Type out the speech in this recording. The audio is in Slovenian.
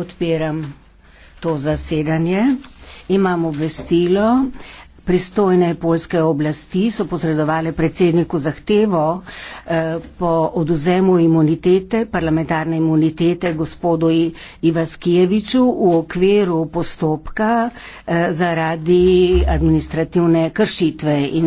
odpiram to zasedanje. Imamo obvestilo. Pristojne polske oblasti so posredovali predsedniku zahtevo eh, po oduzemu imunitete, parlamentarne imunitete gospodu Ivaskijeviču v okviru postopka eh, zaradi administrativne kršitve. In